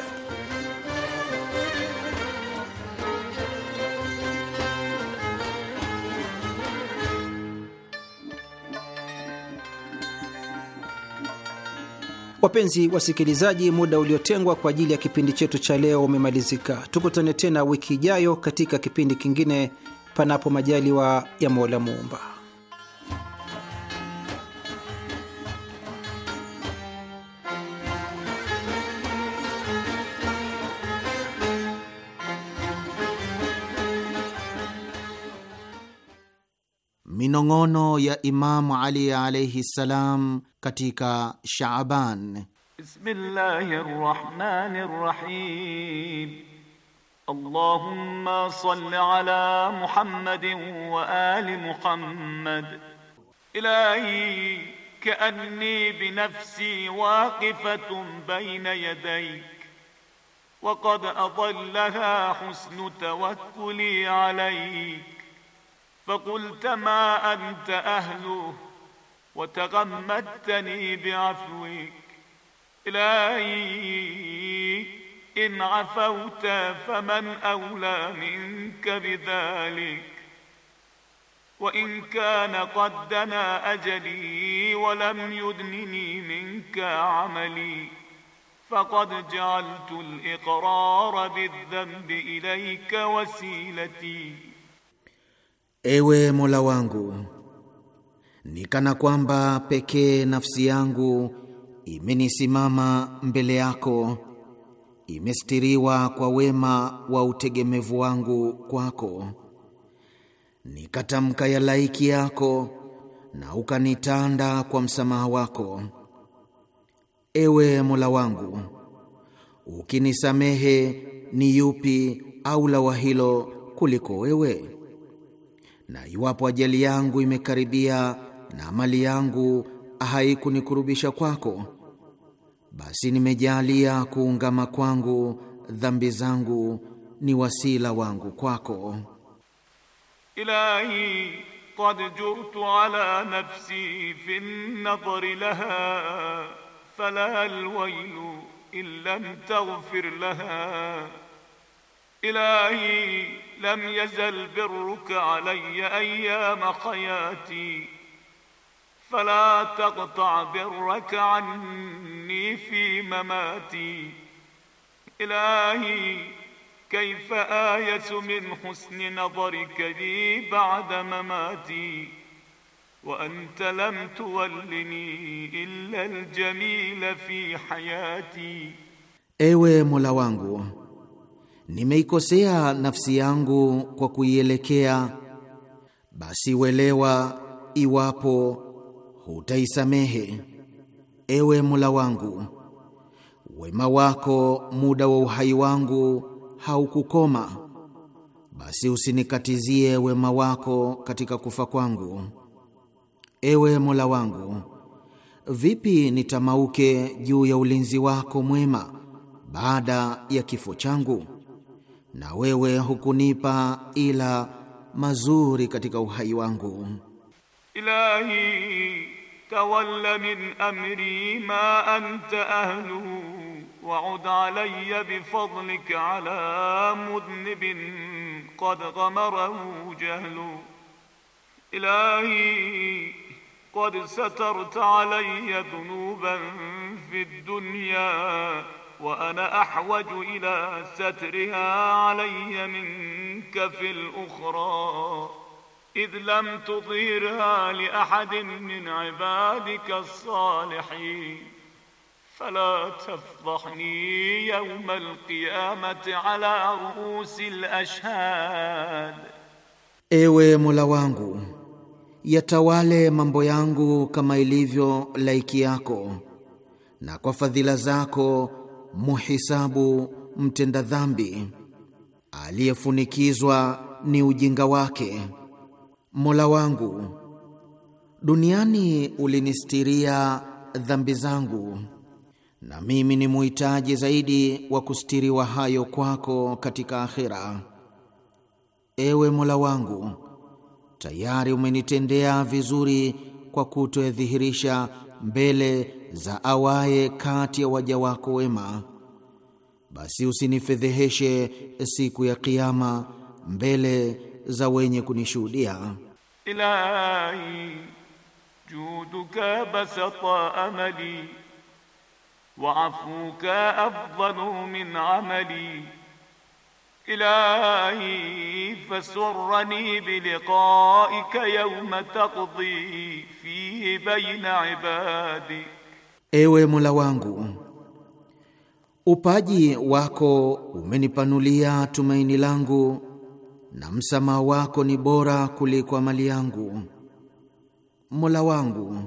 Wapenzi wasikilizaji, muda uliotengwa kwa ajili ya kipindi chetu cha leo umemalizika. Tukutane tena wiki ijayo katika kipindi kingine, panapo majaliwa ya Mola Muumba. Minong'ono ya Imamu Ali alaihi salam katika Shaaban. Bismillahir Rahmanir Rahim. Allahumma salli ala Muhammadin wa ali Muhammad. Ilahi kaanni bi nafsi waqifatun bayna yadayk. wa وقد أضلها حسن توكلي عليك فقلت ma anta ahluhu وتغمدتني بعفوك إلهي إن عفوت فمن أولى منك بذلك وإن كان قد دنا أجلي ولم يدنني منك عملي فقد جعلت الإقرار بالذنب إليك وسيلتي Ewe Mola wangu ni kana kwamba pekee nafsi yangu imenisimama mbele yako, imestiriwa kwa wema wa utegemevu wangu kwako. Nikatamka ya laiki yako na ukanitanda kwa msamaha wako. Ewe Mola wangu, ukinisamehe ni yupi au lawa hilo kuliko wewe? Na iwapo ajali yangu imekaribia na amali yangu haikunikurubisha kwako, basi nimejalia kuungama kwangu dhambi zangu ni wasila wangu kwako. Ilahi qad jurtu ala nafsi fi nadhri laha fala alwailu illa lam taghfir laha ilahi lam yazal birruka alayya ayyama hayati fala taqta birraka anni fi mamati ilahi kaifa ayatu min husni nadharika li ba'da mamati wa anta lam tuwallini illa aljamila fi hayati, ewe Mola wangu, nimeikosea nafsi yangu kwa kuielekea, basi welewa iwapo hutaisamehe. Ewe Mola wangu, wema wako muda wa uhai wangu haukukoma, basi usinikatizie wema wako katika kufa kwangu. Ewe Mola wangu, vipi nitamauke juu ya ulinzi wako mwema baada ya kifo changu, na wewe hukunipa ila mazuri katika uhai wangu. Ilahi تول من أمري ما أنت أهله وعد علي بفضلك على مذنب قد غمره جهل إلهي قد سترت علي ذنوبا في الدنيا وأنا أحوج إلى سترها علي منك في الأخرى إذ لم tudhirha لأحد من عبادك الصالحين فلا تفضحني يوم القيامة على رؤوس الأشهاد Ewe Mola wangu, yatawale mambo yangu kama ilivyo laiki yako, na kwa fadhila zako muhisabu mtenda dhambi aliyefunikizwa ni ujinga wake Mola wangu, duniani ulinistiria dhambi zangu, na mimi ni muhitaji zaidi wa kustiriwa hayo kwako katika akhira. Ewe Mola wangu, tayari umenitendea vizuri kwa kutoyadhihirisha mbele za awaye kati ya waja wako wema, basi usinifedheheshe siku ya Kiyama mbele za wenye kunishuhudia. Ilahi juduka basata amali wa afuka afdalu min amali Ilahi fasurrani biliqaika yawma taqdi fihi baina ibadi, Ewe Mola wangu, upaji wako umenipanulia tumaini langu na msamaha wako ni bora kuliko mali yangu. Mola wangu,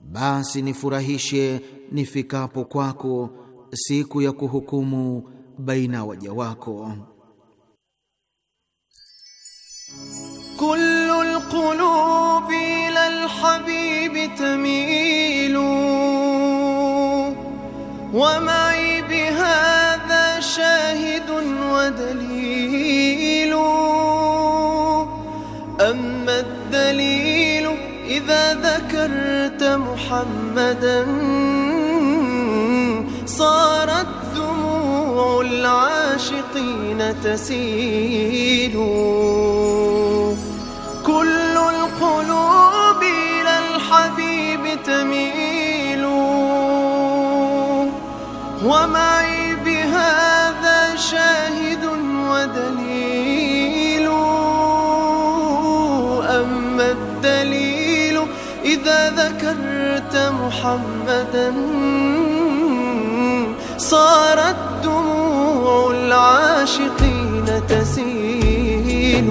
basi nifurahishe nifikapo kwako siku ya kuhukumu baina waja wako. Kullu alqulubi ila tamilu wa ma'i biha شاهد ودليل أما الدليل إذا ذكرت محمدا صارت دموع العاشقين تسيل كل القلوب إلى الحبيب تميل ومعي بها شاهد ودليل أما الدليل إذا ذكرت محمدا صارت دموع العاشقين تسيل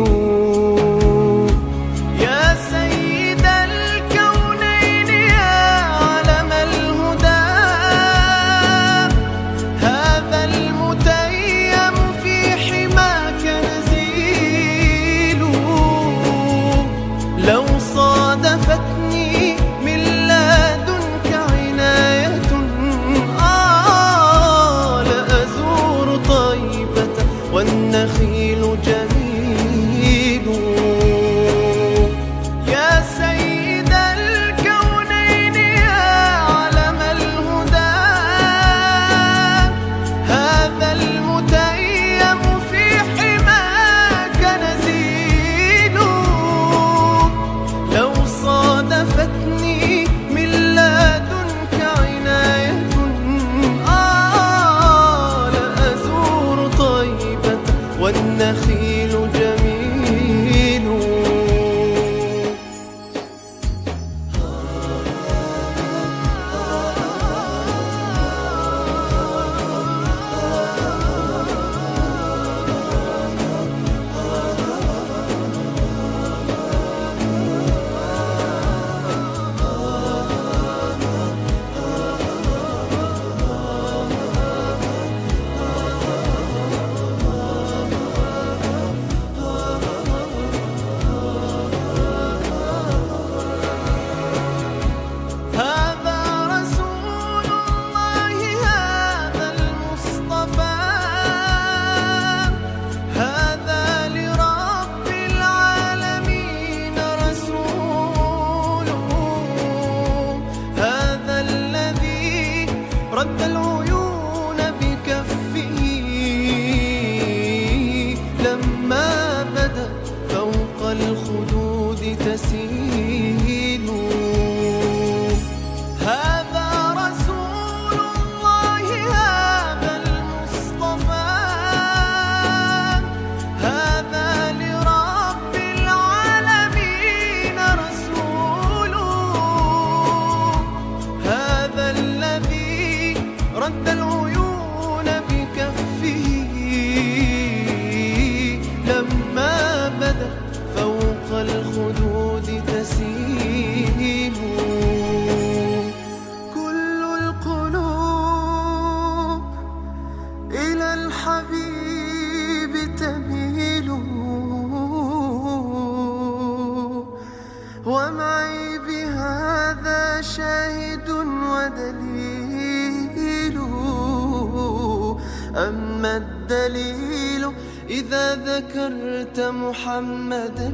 ذكرت محمدا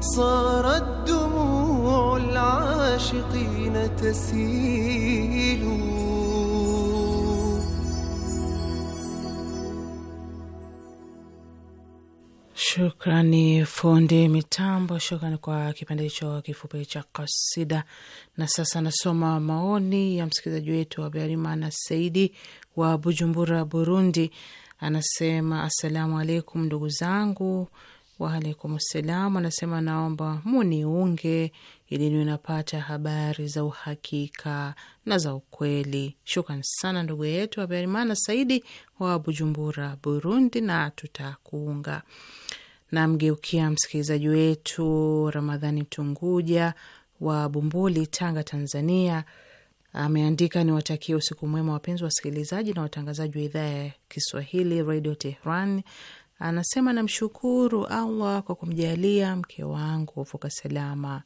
صارت دموع العاشقين تسيل Shukrani fundi mitambo, shukrani kwa kipande hicho kifupi cha kasida. Na sasa nasoma maoni ya msikilizaji wetu Habyarimana Saidi wa Bujumbura, Burundi anasema assalamu alaikum ndugu zangu. Waalaikum salam. Anasema naomba muniunge ili niwe napata habari za uhakika na za ukweli. Shukran sana ndugu yetu abarimana Saidi wa Bujumbura, Burundi, na tutakuunga. Namgeukia msikilizaji wetu Ramadhani Tunguja wa Bumbuli, Tanga, Tanzania ameandika ni usiku mwema wapenzi wasikilizaji na watangazaji wa idhaa ya Kiswahili Radio Tehran. Anasema namshukuru Allah kwa kumjalia mke wangu kuvuka salama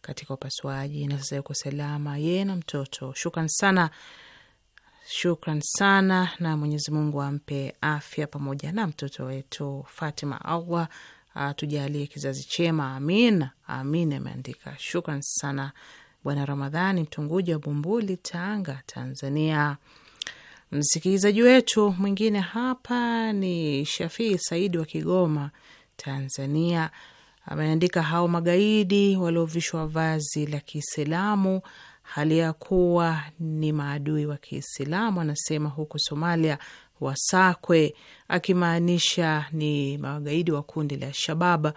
katika upasuaji na sasa yuko salama yeye na mtoto. Shukran sana, shukran sana, na Mwenyezi Mungu ampe afya pamoja na mtoto wetu Fatima. Allah atujalie kizazi chema, amin amin, ameandika. Shukran sana Bwana Ramadhani Mtunguji wa Bumbuli, Tanga, Tanzania. Msikilizaji wetu mwingine hapa ni Shafii Saidi wa Kigoma, Tanzania. Ameandika, hao magaidi waliovishwa vazi la Kiislamu hali ya kuwa ni maadui wa Kiislamu, anasema huku Somalia wasakwe, akimaanisha ni magaidi wa kundi la Shababa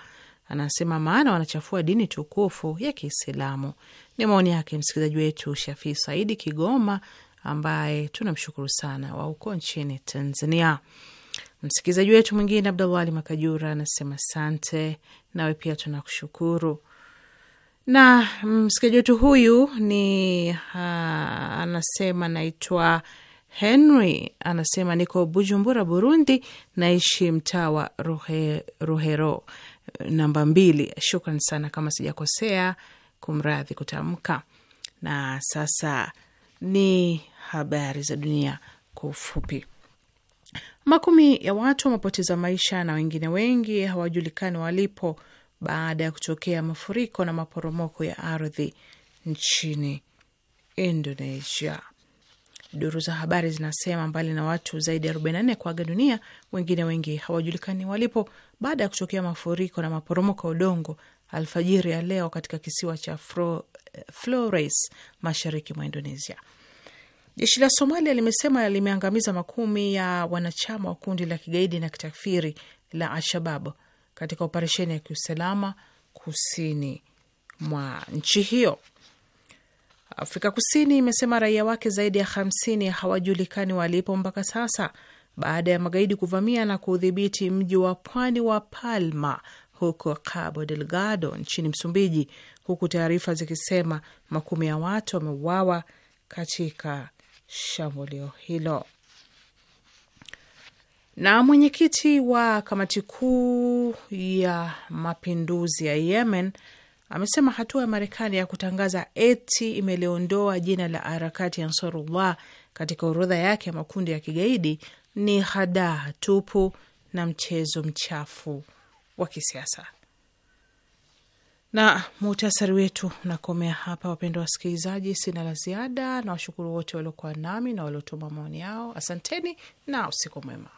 Anasema maana wanachafua dini tukufu ya Kiislamu. Ni maoni yake msikilizaji wetu Shafii Saidi Kigoma, ambaye tunamshukuru sana, wa uko nchini Tanzania. Msikilizaji wetu mwingine Abdalwali Makajura anasema sante, nawe pia tunakushukuru. Na msikilizaji wetu huyu ni ha, anasema naitwa Henry, anasema niko Bujumbura, Burundi, naishi mtaa wa Ruhero namba mbili. Shukran sana kama sijakosea, kumradhi kutamka. Na sasa ni habari za dunia kwa ufupi. Makumi ya watu wamepoteza maisha na wengine wengi hawajulikani walipo baada ya kutokea mafuriko na maporomoko ya ardhi nchini Indonesia. Duru za habari zinasema mbali na watu zaidi ya 44 kuaga dunia, wengine wengi hawajulikani walipo baada ya kutokea mafuriko na maporomoko ya udongo alfajiri ya leo katika kisiwa cha Fro, eh, Flores mashariki mwa Indonesia. Jeshi la Somalia limesema limeangamiza makumi ya wanachama wa kundi la kigaidi na kitakfiri la alshabab katika operesheni ya kiusalama kusini mwa nchi hiyo. Afrika Kusini imesema raia wake zaidi ya hamsini hawajulikani walipo mpaka sasa baada ya magaidi kuvamia na kuudhibiti mji wa pwani wa Palma huko Cabo Delgado nchini Msumbiji, huku taarifa zikisema makumi ya watu wameuawa katika shambulio hilo. Na mwenyekiti wa kamati kuu ya mapinduzi ya Yemen amesema hatua ya Marekani ya kutangaza eti imeliondoa jina la harakati ya Ansarullah katika orodha yake ya makundi ya kigaidi ni hadaa tupu na mchezo mchafu wa kisiasa. Na muhtasari wetu unakomea hapa, wapendwa wasikilizaji. Sina la ziada na washukuru wote waliokuwa nami na waliotuma maoni yao. Asanteni na usiku mwema.